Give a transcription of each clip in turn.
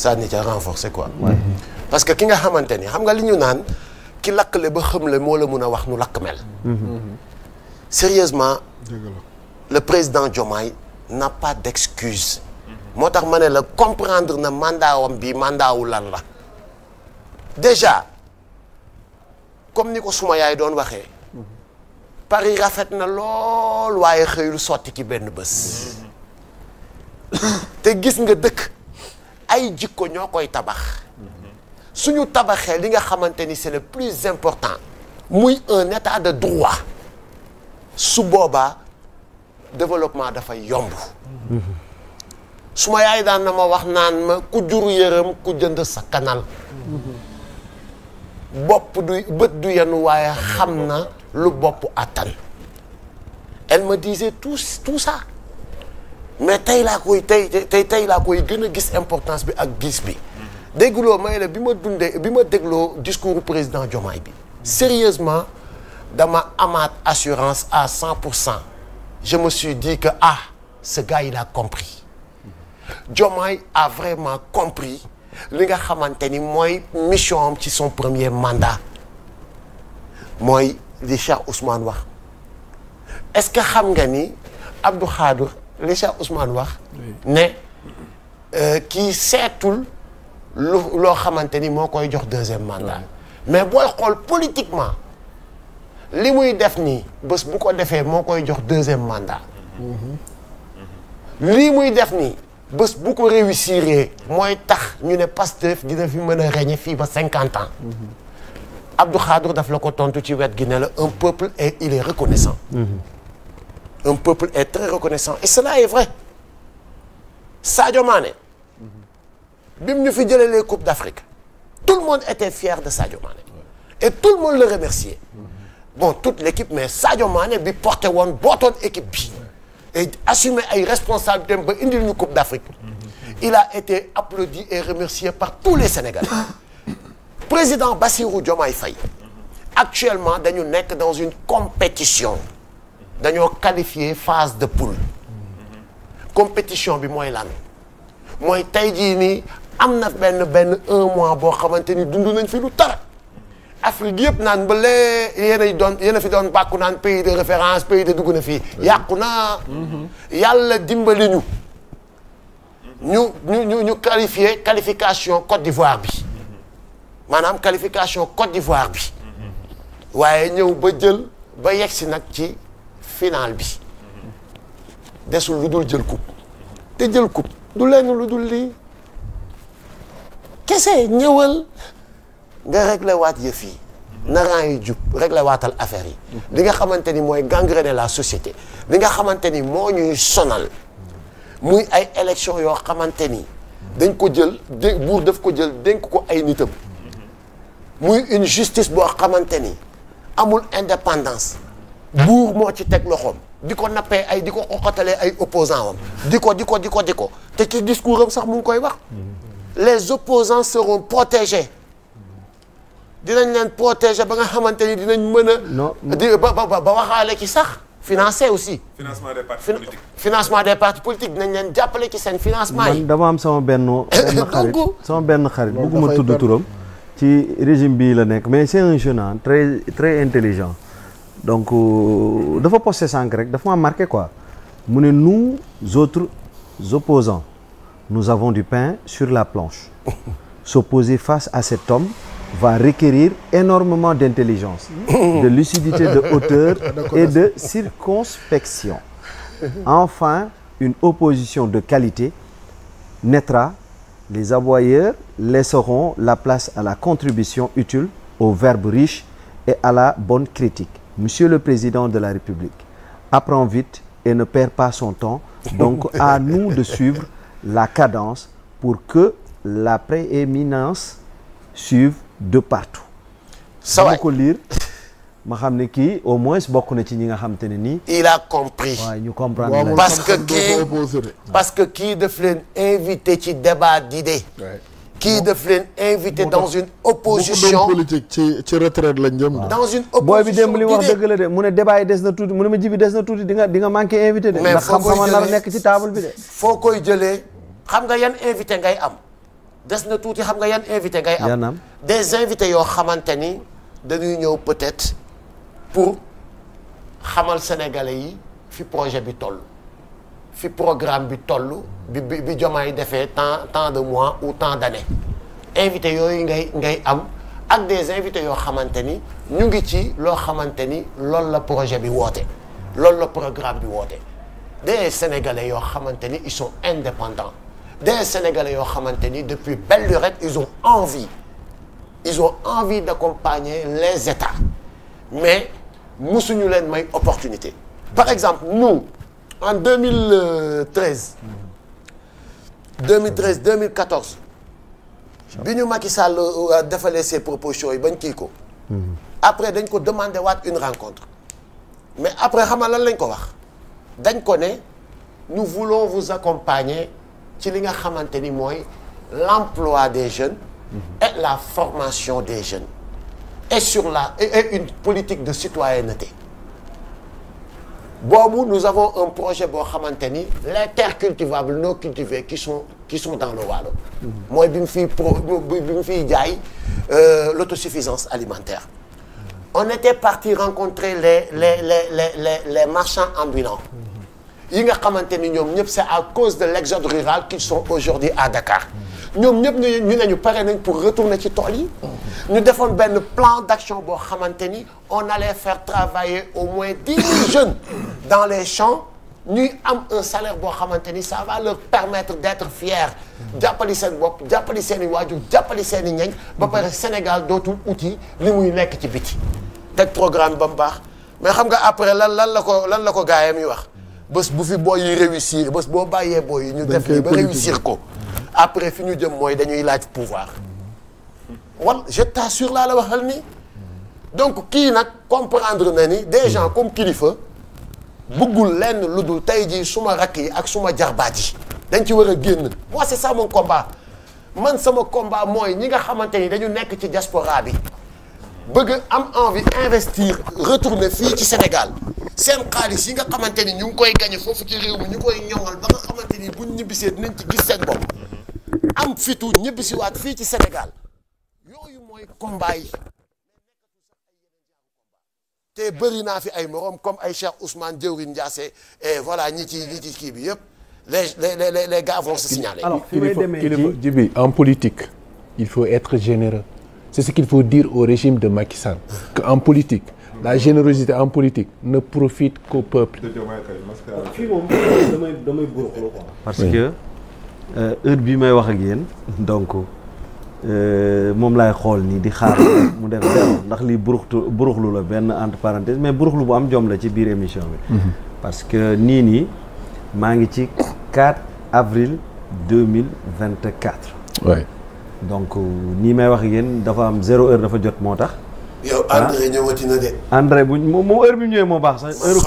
ça ni ca renforcer quoi. parce que ki nga xamante ni xam nga li ñu naan ki lakkle ba le moo la mun a wax nu lakk mel. Mhm. Mhm. sérieusement le président Diomaye n'a pas d'excuse. moo tax ma ne la comprendre na mandaawam bii mandaawu lan la déjà comme ni ko suma yaay doon waxee. Paris rafet na lool waaye xëyul sotti ci benn bés. Mhm. te gis nga dëkk. ay jikko ñoo koy tabax suñu tabaxee li nga xamante ni c'est le plus important muy un état de droit su boobaa développement dafa yomb su ma yaay daan na ma wax naan ma ku jur yërëm ku jënd sa kanal bopp du bët du yenu waaye xam na lu bopp attan elle me disait tout tout ça mais tey laa koy tey tey tey laa koy gën a gis importance bi ak gis bi dégguloo may la bi ma dundee bi ma dégloo discours président Diomaye bi sérieusement dama amaat assurance à cent pour cent je me suis dit que ah ce gars il a compris Diomaye a vraiment compris li nga xamante ni mooy mission ci son premier mandat mooy li Cheikh Ousmane wax est-ce que xam nga ni Abdou Khadour li Cheikh Ousmane wax ne euh, kii seetul loo xamante ni moo koy jox deuxième mandat mais booy xool politiquement li muy def nii bés bu ko defee moo koy jox deuxième mandat mm-hmm. lii muy def nii bés bu ko réussir mooy tax ñu ne Pastef dina fi mën a régner fii ba cinquante ans mm-hmm. Abdou Khadre daf la ko tontu ci wet gi ne la un peuple et il est reconnaissant mm-hmm. un peuple est très reconnaissant et cela est vrai Sadio Mané bi mu ñu fi jëlee les coupes d'Afrique tout le monde était fier de Sadio mane et tout le monde le remerciait bon toute l'équipe mais Sadio Mané bi porté woon bootoon équipe bi et assumer ay responsabilités ba indil ñu coupe d'Afrique mm-hmm. il a été applaudi et remercié par tous les Sénégalais président Bassirou Diomaye Faye actuellement dañu nekk dans une compétition dañoo qualifier phase de poule compétition bi mooy lan mooy tey jii nii am na benn benn un mois boo xamante ni dund nañ fi lu tar Afrique yëpp naan ba lee yéen ay doon yéen a fi doon bàkku naan pays de référence pays de dugg na fii yàqu naa mhm. yàlla dimbali ñu ñu ñu ñu ñu qualifier qualification Côte d'Ivoire bi maanaam qualification Côte d'Ivoire bi mhm. waaye ñëw ba jël ba yegsi nag ci final bi desul lu dul jël coupe te jël coupe du lenn lu dul lii kese ñëwal nga réglé waat yëf yi narant yi jub réglé waatal affaire yi li nga xamante ni mooy gangrené la société li nga xamante ni moo ñuy sonal muy ay élection yoo xamante ni dañ ko jël dé buur daf ko jël dénk ko ay nitam muy une boo xamante ni amul indépendance buur moo ci teg loxoom di ko nappee ay di ko xoqatalee ay opposants wam di ko di ko di di ko te ci discours sax mu ngi koy wax les opposants seront protégés dinañ leen protéger ba nga xamante ni dinañ mën a di ba ba waxaale ki sax financer aussi financement des partis politiques financement des partis politiques dinañ leen jàppale ci seen financement yi man dama am sama benn benn xarit sama benn xarit bëgguma tudd turam ci régime bii la nekk mais c'est un jeune très très donc euh, dafa posté sànq rek dafa ma quoi mu ne nous autres opposants nous avons du pain sur la planche s'opposer face à cet homme va requérir énormément d'intelligence de lucidité de hauteur et de circonspection enfin une opposition de qualité naîtra les aboyeurs laisseront la place à la contribution utile au verbe riche et à la bonne critique Monsieur le Président de la République apprend vite et ne perd pas son temps. Donc à nous de suivre la cadence pour que la prééminence suive de partout. sa waay ko lire ma xam ne kii au moins bokk na ci ñi nga xam ne nii. il a compris. ñu comprendre parce que kii parce que kii daf leen invité ci débat d'idées. kii daf leen invité dans une opposition politique ci ci retraite lañ jëm dans une opposition booy bi li wax dëgg la de mu ne débat yi des na tuuti mu ne ma jibi des na tuuti di nga di nga manqué invité de ndax xam-xama nar nekk koy jëlee xam nga yan invité ngay am des na tuuti xam nga yan invité ngay am des invités yoo xamante ni dañuy ñëw peut-être pour xamal sénégalais yi fi projet bi toll fi programme bi toll bi bi bi jomaay defee tant tant de mois ou tant d'années invité yooyu ngay ngay am ak des invités yoo xamante ni ñu ngi ci loo xamante ni loolu la projet bi woote loolu la programme bi woote des sénégalais yoo xamante ni ils sont indépendants des sénégalais yoo xamante ni depuis belle lurette ils ont envie ils ont envie d'accompagner les états mais musuñu leen may opportunité par exemple nous en 2013 2013 2014 bi ñu Macky Sall euh, defalee ses propositions yi bañ kii ko après dañ ko demandé waat une rencontre mais après xam nga lan lañ ko wax dañ ko ne nous voulons vous accompagner ci li nga xamante ni mooy l'emploi des jeunes et la formation des jeunes et sur la et une politique de citoyenneté boobu nous avons un projet boo xamante ni les terres cultivables no cultivées qui sont qui sont dans le Waalo mooy bi fi fiy pro bi mu fiy jaay euh, l'autosuffisance alimentaire on était parti rencontrer les les les les les les marchands ambulants yi nga xamante ni ñoom ñëpp c'est à cause de l'exode rural qu'ils sont aujourd'hui à Dakar ñoom ñëpp ñu ñu nañu pare nañ pour retourner ci tool yi oh. ñu defoon benn plan d'action boo xamante ni on allait faire travailler au moins dix mille dans les champs ñuy am un salaire boo xamante ni ça va leur permettre d'être fiers jàppali seen bopp jàppali seen i waajur jàppali seen i ñeñ ba pare Sénégal dootul outil li muy nekk ci biti teg programme ba mu baax mais xam nga après lan lan la ko lan la ko gaayam yi wax bés bu fi booy yi réussir bés boo bàyyee bo yi ñu def lii ba réussir ko après fi ñu jëm mooy dañuy laaj pouvoir wal je t'assure laa la waxal ni donc kii nag comprendre na ni des gens comme kilifa bëggul lenn lu dul tey jii suma rakk yi ak suma jarbaat yi dañ ci war a génn moi c'est ça mon combat man sama combat mooy ñi nga xamante ni dañu nekk ci diaspora bi bëgg am envie investir retourner fii ci Sénégal seen xaalis yi nga xamante ni ñu ngi koy gañe foofu ci réew mi ñu koy ñoŋal ba nga xamante ni buñ ñibbisee dinañ ci gis seen am fitu ñibbisiwaat fii ci Sénégal yooyu mooy combat yi te bëri naa fi ay morom comme ay Cheikh Ousmane Diawrigne Ndiassé voilà ñi ci ñi ci kii bi yëpp les les les les gars vont se signaler. en politique il faut être généreux c'est ce qu'il faut dire au régime de Macky Sall que en politique. la générosité en politique ne profite qu'au peuple. parce Euh, heure bii may wax ak yéen donc euh, moom laay xool nii di xaar mu def zéro ndax lii buruxtu buruxlu la benn entre parenthèse mais buruxlu bu am jom la ci biir émission bi mhm. parce que nii nii maa ngi ci 4 avril 2024 waay donc nii may wax ak yéen dafa am zéro heure dafa jot moo tax yow André ñëwati na de bu moom heure bi mu ñëwee moo baax sax heure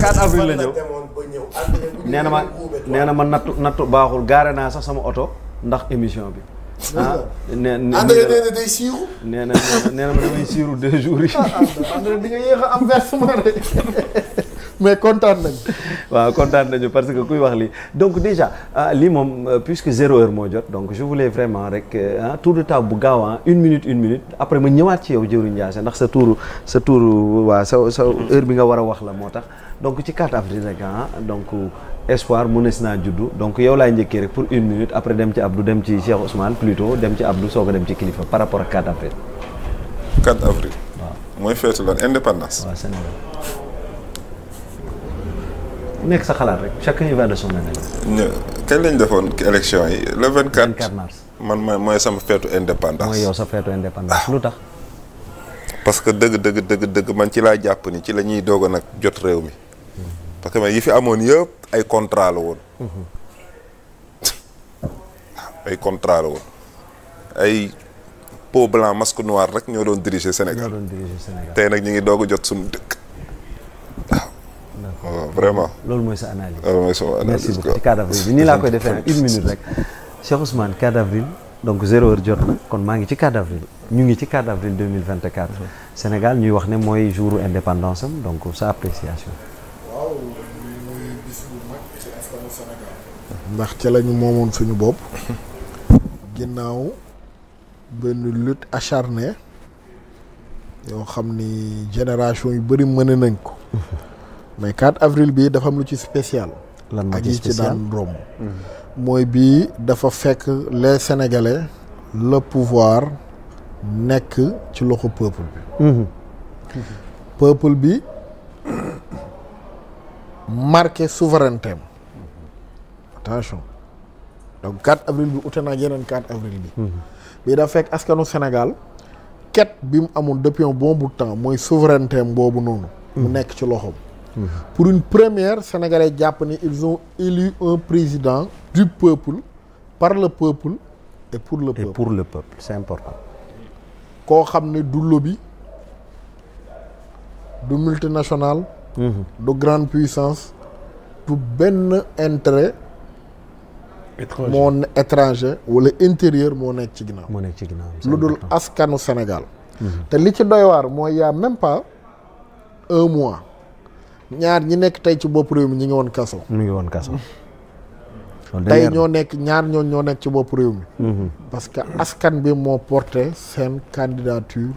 4 avril la ñëw nee na ma nee na ma nattu nattu baaxul gaare naa sax sama oto ndax émission bi. ah nee na André nee na ma damay siiru deux jours yi. André di nga yéex a am versement rek. mais kontaan nañu. waaw kontaan nañu parce que kuy wax lii donc déjà ah, lii moom euh, puisque zéro heure moo jot donc je vraiment rek euh, ah, tour de table bu gaaw ah une minute une minute après ma ñëwaat ci yow Dieuwrine Ndiassé ndax sa tour sa tour waa sa sa heure bi nga war a wax la moo tax donc ci 4 avril rek ah donc espoir si naa juddu donc yow laay njëkkee rek pour une minute après dem ci Abdou dem ci Cheikh Ousmane plutôt dem ci Abdou soog a dem ci kilifa par rapport ak 4 mooy feetu lan indépendance. waaw ku nekk sa xalaat rek chacun y va de son manière. kañ lañ defoon élection yi le 24. 24 mars man mooy mooy sama feetu indépendance. mooy yow sa feetu indépendance ah. lu tax. parce que dëgg dëgg dëgg dëgg man ci laa jàpp ni ci la ñuy doog nag jot réew mi. parce que man yi fi amoon yëpp ay contrat la woon. Mm-hmm. ay contrat la woon ay peau blanc masque noir rek ñoo doon diriger Sénégal. ñoo doon diriger tey nag ñu ngi doog a jot suñu dëkk. waaw vraiment. loolu mooy sa analyse. loolu mooy sama analyse merci beaucoup ci 4 avril bi nii laa koy defee ak une minute rek. Cheikh Ousmane 4 avril donc zéro heure jot na kon maa ngi ci 4 avril ñu ngi ci 4 avril 2024. Sénégal ñuy wax ne mooy jouru indépendance am donc sa appréciation. ci ndax ca la ñu moomoon suñu bopp. ginnaaw benn lutte acharnée yoo xam ni génération yu bëri mën nañ ko. mais 4 avril bii dafa am lu ci spécial. lan moo ci ak yi ci daan romb. Mhm. mooy bii dafa fekk les sénégalais le pouvoir nekk ci loxo peuple bi. Mhm. peuple bi marqué souveraineté am attention donc avril bi ute naa yeneen 4 avril bi. Mhm. bii dafa fekk askanu Sénégal ket bi mu amul depuis un bon temps mooy souveraineté am boobu noonu. mu nekk ci loxoom. pour une première sénégalais jàpp ni ils ont élu un président du peuple par le peuple et pour le peuple pour le peuple c'est koo xam ne du lobby du multinational mhm. du grande puissance du benn intérêt moo étranger wala intérieur moo nekk ci ginnaaw moo nekk ci ginnaaw lu dul askanu Sénégal mhm. te li ci doy waar mooy y'a même pas un mois ñaar ñi nekk tey ci bopp réew mi ñi ngi woon kaso. ñu ngi woon kaso. tey ñoo nekk ñaar ñooñ ñoo nekk ci bopp réew mi. Mhm. parce que askan bi moo porté seen candidature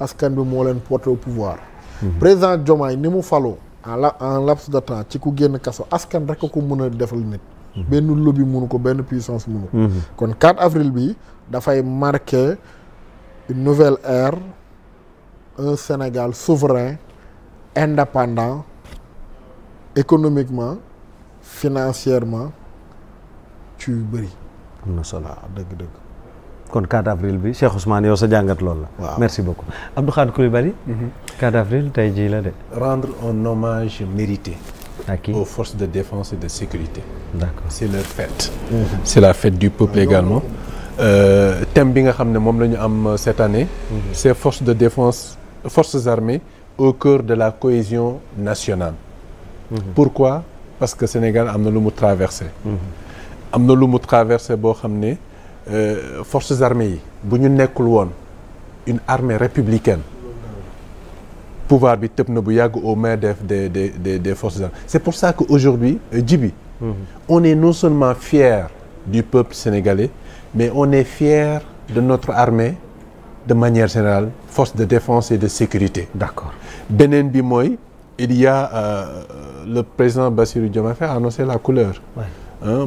askan bi moo leen porté au pouvoir. Mhm. président Diomaye ni mu faloo en la en laps de temps ci ku génn kaso askan rek ko mën a defal nit. Mhm. benn lobby munu ko benn puissance mënu ko. kon 4 avril bi dafay marque une nouvelle ère un Sénégal souverain indépendant. économiquement financièrement ci yu bëri. am na solo waaw dëgg-dëgg. kon 4 avril bi Cheikh Ousmane yow sa jàngat loolu la. waaw merci beaucoup Abdou Khadre Coulibaly. 4 mhm. avril tey jii la de. rendre un hommage mérité. à aux forces de défense et de sécurité. d'accord c'est leur fête. Mmh. la fête du peuple ah, également. Euh, bi nga xam ne moom la ñu am euh, cette année. Mmh. c'est forces de défense forces armées au cœur de la cohésion nationale. Mhm. pourquoi parce que Sénégal am na lu mu traverser mhm. am na lu mu traversé boo xam ne euh, forces armées yi bu ñu nekkul woon une armée républicaine pouvoir bi tëb na bu yàgg au mains des des des des forces armées c'est pour ça que aujourd'hui euh, jibi mhm. on est non seulement fier du peuple sénégalais mais on est fier de notre armée de manière générale force de défense et de sécurité d'accord beneen bi mooy il y euh, euh, le président Bassirou Diomaye Faye a annoncé la couleur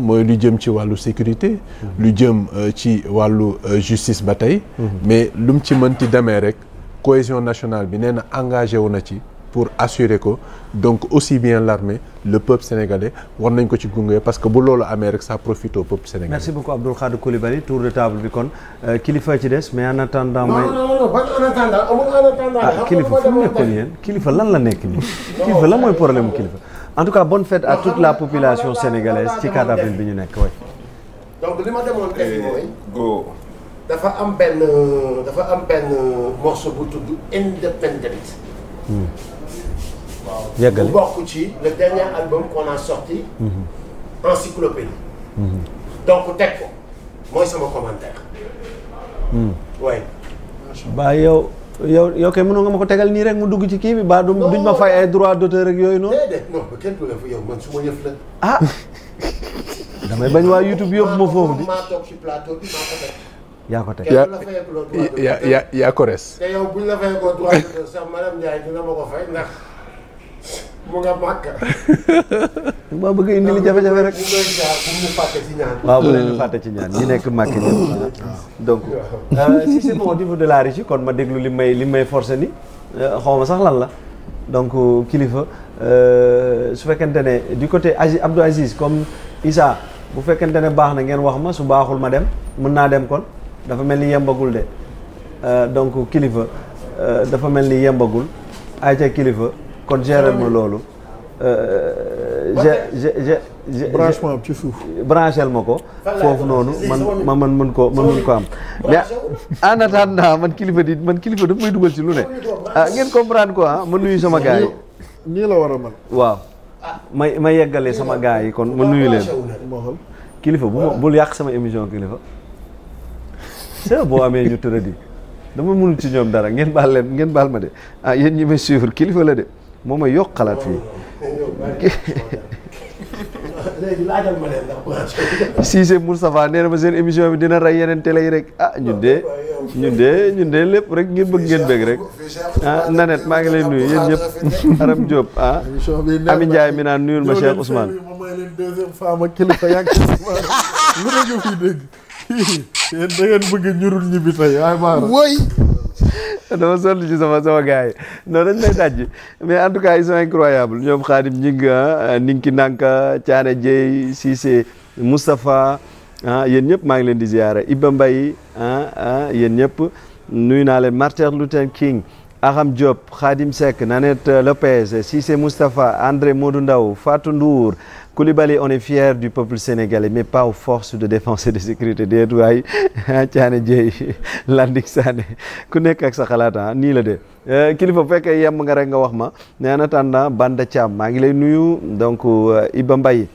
mooy lu jëm ci wàllu sécurité mhm. lu jëm euh, ci wàllu justice ba tey mhm. mais lu mu ci mënti demee rek cohésion nationale bi nee na engagé wu na ci pour assurer ko donc aussi bien l'armée le peuple sénégalais war nañ ko ci gunge parce que bu loolu amee rek sa profite au peuple sénégalais. merci beaucoup Abdoul Khadre Coulibaly tour de table bi kon euh, kilifa ci des mais en attendant. non non ah, kilifa fu mu nekkoon yéen kilifa lan la nekk nii. kilifa lan mooy problème mu kilifa. en tout cas bon fête à toute la population sénégalaise ci 4 avril bi ñu nekk waay. yàggale waaw bokk ci le dernier album qu'on a yow yow yow kay mënoo nga ma ko tegal nii rek mu dugg ci kii bi ba du duñ ma fay ay droit d'auteur rek yooyu noonu. déedéet non ba kenn ah damay bañ waa YouTube yóbbu ma foofu di. yaa ko teg yow buñ la fayee mu nga màkk. maa bëgg indi li jafe-jafe rek. ñu ngi bu ci ñaan. waaw bu leen mm. fàtte ci ñaan ñi nekk màkk ñëpp. donc euh, si c'est au niveau de la régie kon ma déglu li may li may forcé ni euh, xaw ma sax lan la donc euh, kilifa su fekkente ne du côté Aziz Abdou Aziz comme Issa bu fekkente ne baax na ngeen wax ma su baaxul ma dem mun naa dem kon dafa mel ni yembagul de donc kilifa dafa mel ni yembagul ayca kilifa. kon gérer ma euh, loolu. je je branchement ci suuf. branchel ma ko. foofu noonu man man mën ko man mën ko am. mais en attendant man kilifa di man kilifa daf may dugal ci lu ne. ah ngeen comprendre quoi ah, ma nuyu sama gars yi. la war a mën. waaw ma ma yeggale ah. sama gars yi kon ma nuyu leen. kilifa bu ma bul yàq sama émission kilifa. c'est boo amee ñu tëradi dama mënul ci ñoom dara ngeen baal leen ngeen baal ma de ah yéen ñi may kilifa la de. moo may yokk xalaat fii. léegi laajal ma leen seen émission bi dina rey yeneen télé yi rek ah ñun de ñun de lépp rek ngeen bëgg ngeen bëgg rek ah Nanet maa ngi lay nuyu yéen ñëpp Aram Diop ah Ami Ndiaye mi naan nuyul ma Cheikh Ousmane. lu dégg fii dégg yéen da bëgg ñurul ñibbi tey waaye maa dama sonn ci sama sama gars yi noonu dañ lay daj mais en tout cas ils sont incroyables ñoom Khadim Nginga ah, Ninki Nanka Thiané Dieye Cissé Moustapha ah yéen ñëpp maa ngi leen di ziyaara Iba Mbaye ah ah yéen ñëpp nuyu naa leen Martin Luther King Aham Diop Khadim Seck Nanette Lopez Cissé Moustapha André Modou Ndaw Fatou Ndour Koulibaly on est fier du peuple sénégalais mais pas aux forces de défense et de sécurité déet waay ah, Thiané Dieye Landing Sané ku nekk ak sa xalaat ah, nii la de eh, kilifa bu fekkee yem nga rek nga wax ma mais en attendant Banda Thiam maa ngi lay nuyu donc euh, Iba Mbaye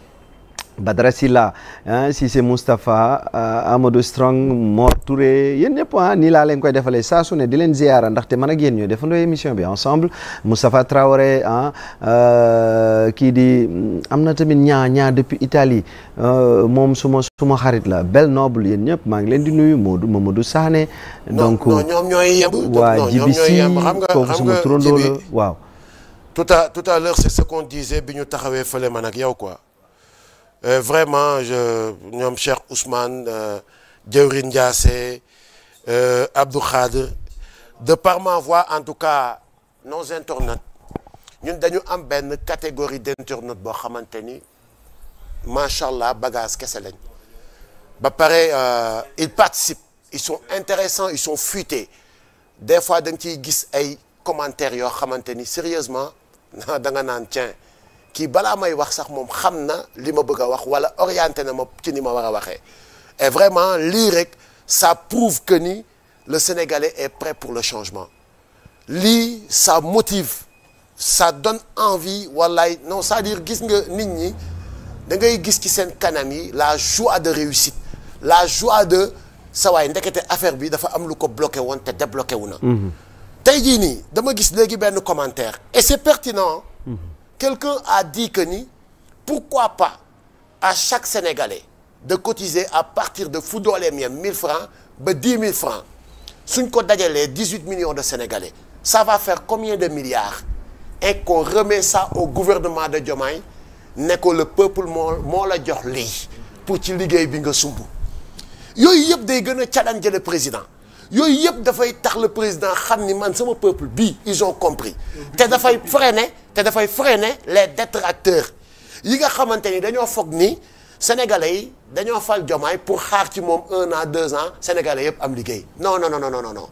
Badara Silla ah, Cissé Moustapha euh, Amadou Strong Mor Touré yéen ñëpp ah nii laa leen koy defalee saa su ne di leen ziyaara ndaxte man ak yéen ñooy defandoo émission bi ensemble Moustapha Traoré ah euh, kii di mm, am na tamit ñaa ñaa depuis Italie euh, moom suma suma xarit la bel noble yéen ñëpp maa ngi leen di nuyu Modou Mamadou Sané. donc ñoom ñooy yem. waa jibi si kooku suma turandoo la tout à tout à l'heure c'est bi ñu taxawee fële man ak yow quoi euh, vraiment je ñoom Cheikh Ousmane euh, Diawrin Ndiassé Abdou de par ma voix en tout cas nos internautes ñun dañu am benn catégorie d'internaute boo xamante ni macha allah bagage kese lañ ba pare euh, ils participent ils sont intéressants ils sont futés des fois da nga ciy gis ay commentaires yoo xamante ni sérieusement da nga naan tiens kii balaa ay wax sax moom xam na li ma bëgg a wax wala oriente na ma ci ni ma war a waxee et vraiment lii rek ça prouve que ni le Sénégalais est prêt pour le changement lii ça motive ça donne envie wallaay non c'est-à-dire gis nga nit ñi da ngay gis ci seen kanam yi la joie de réussite la joie de sa waay ndekete affaire bi dafa am lu ko bloqué woon te débloqué wu na. Mhm. tey jii nii dama gis léegi benn commentaire et c'est pertinent. Mm -hmm. quelqu'un a dit que ni pourquoi pas à chaque Sénégalais de cotiser à partir de fu dooleem yam 1000 francs ba 10 mille francs suñ ko dajalee 18 millions de Sénégalais ça va faire combien de milliards. et qu'on remet ça au gouvernement de Diomaye ne ko le peuple moo moo la jox lii pour ci liggéey bi nga sumb yooyu yëpp day gën a challenger le président yooyu yëpp dafay tax le président xam ni man sama peuple bi ils ont compris te dafay ne te dafay ne les détracteurs yi nga xamante ni dañoo foog ni sénégalais yi dañoo fal Diomaye pour xaar ci moom un an deux ans sénégalais yëpp am liggéey non non non non non non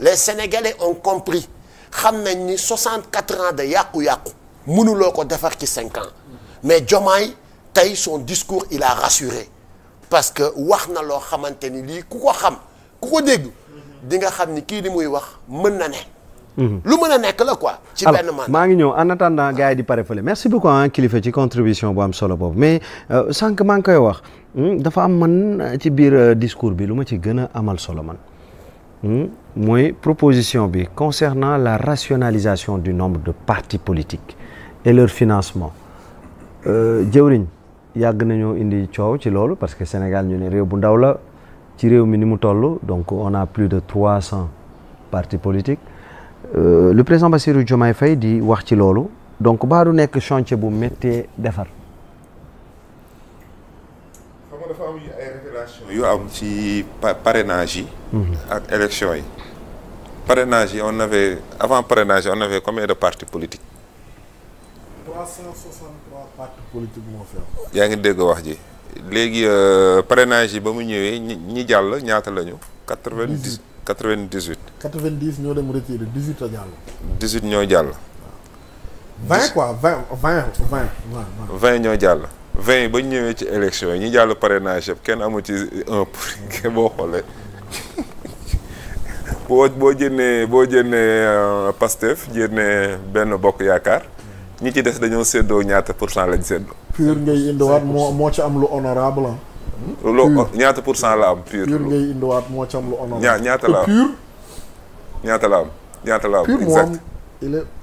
les sénégalais ont compris xam nañ ni 64 ans de yàqu-yàqu mënuloo ko defar ci 5 mais Diomaye tey son discours il a rassuré parce que wax na loo xamante ni lii ku ko xam ku ko dégg di nga xam ni kii li muy wax mën na ne. Mhm. lu mën a nekk la ko ci benn man maa ngi ñëw en attendant gars yi di pare fële merci beaucoup ah kilifa ci contribution am solo boobu mais euh, sànq maa ngi koy wax hmm, dafa am man euh, ci biir euh, discours bi lu ma ci gën a amal solo man. mooy proposition bi concernant la rationalisation du nombre de parti politique et leur financement euh, jëwriñ yàgg nañoo indi coow ci loolu parce que Sénégal ñu ne réew bu ndaw la ci réew mi ni mu toll donc on a plus de trois cents partis politiques euh, le président Bassirou Diomaye fay di wax ci loolu donc baa du nekk chantier bu méttee defar. xam nga dafa ak élection yi. parrainage yi on avait avant parrainage yi on avait combien de partis politiques. 363 partis politiques moo fi yaa ngi dégg wax ji léegi euh, parrainage yi ba mu ñëwee ñi ñi jàll ñaata la ñu. 90 98. 90 ñoo dem retiré 18 a jàll. 18 ñoo jàll. 20 quoi 20 20 20. 20 ñoo jàll. 20 yi ba ñu ñëwee ci élection yi ñi jàll parrainage yëpp kenn amu ci un pour boo xoolee. boo boo jënnee boo jënnee euh, Pastef jënnee benn bokk yaakaar ñi ci des dañoo séddoo ñaata pour cent lañ séddoo. pur ngay indiwaat moo moo ci am lu honorable loolu oh, ñaata pour cent la am. pur pur ngay indiwaat moo ci am lu honorable ñaata la am ñaata la am ñaata la